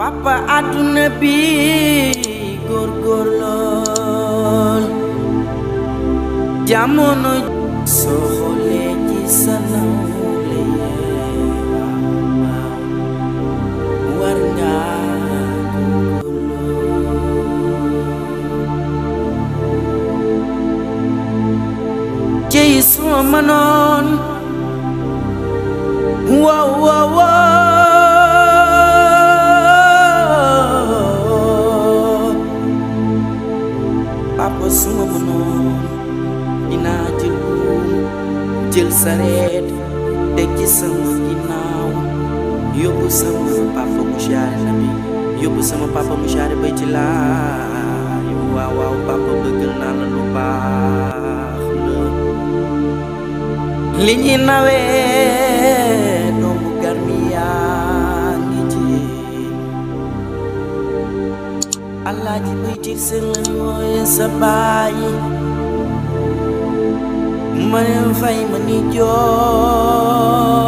papa àdduna bi gor gor soo xoolee sohole sa nawle war nga góorgóorlool ci jël sareet teg ci sama ginnaaw yóbbu sama papa mu jaare na yóbbu sama papa mu jaare bay ci laay waaw waaw papa bëggal naa la lu baax la li ñuy nawee doomu garmiyaa ngi ci allah ji bay ci sëlal mooye sa bàyyi man fay ma ni joo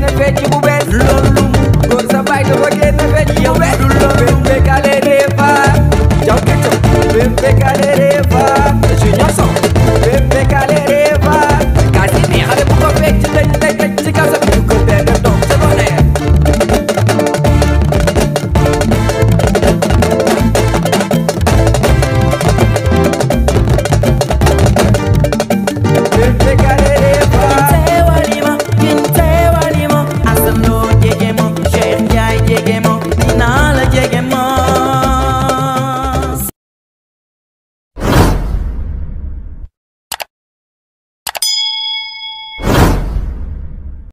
benefit you நான்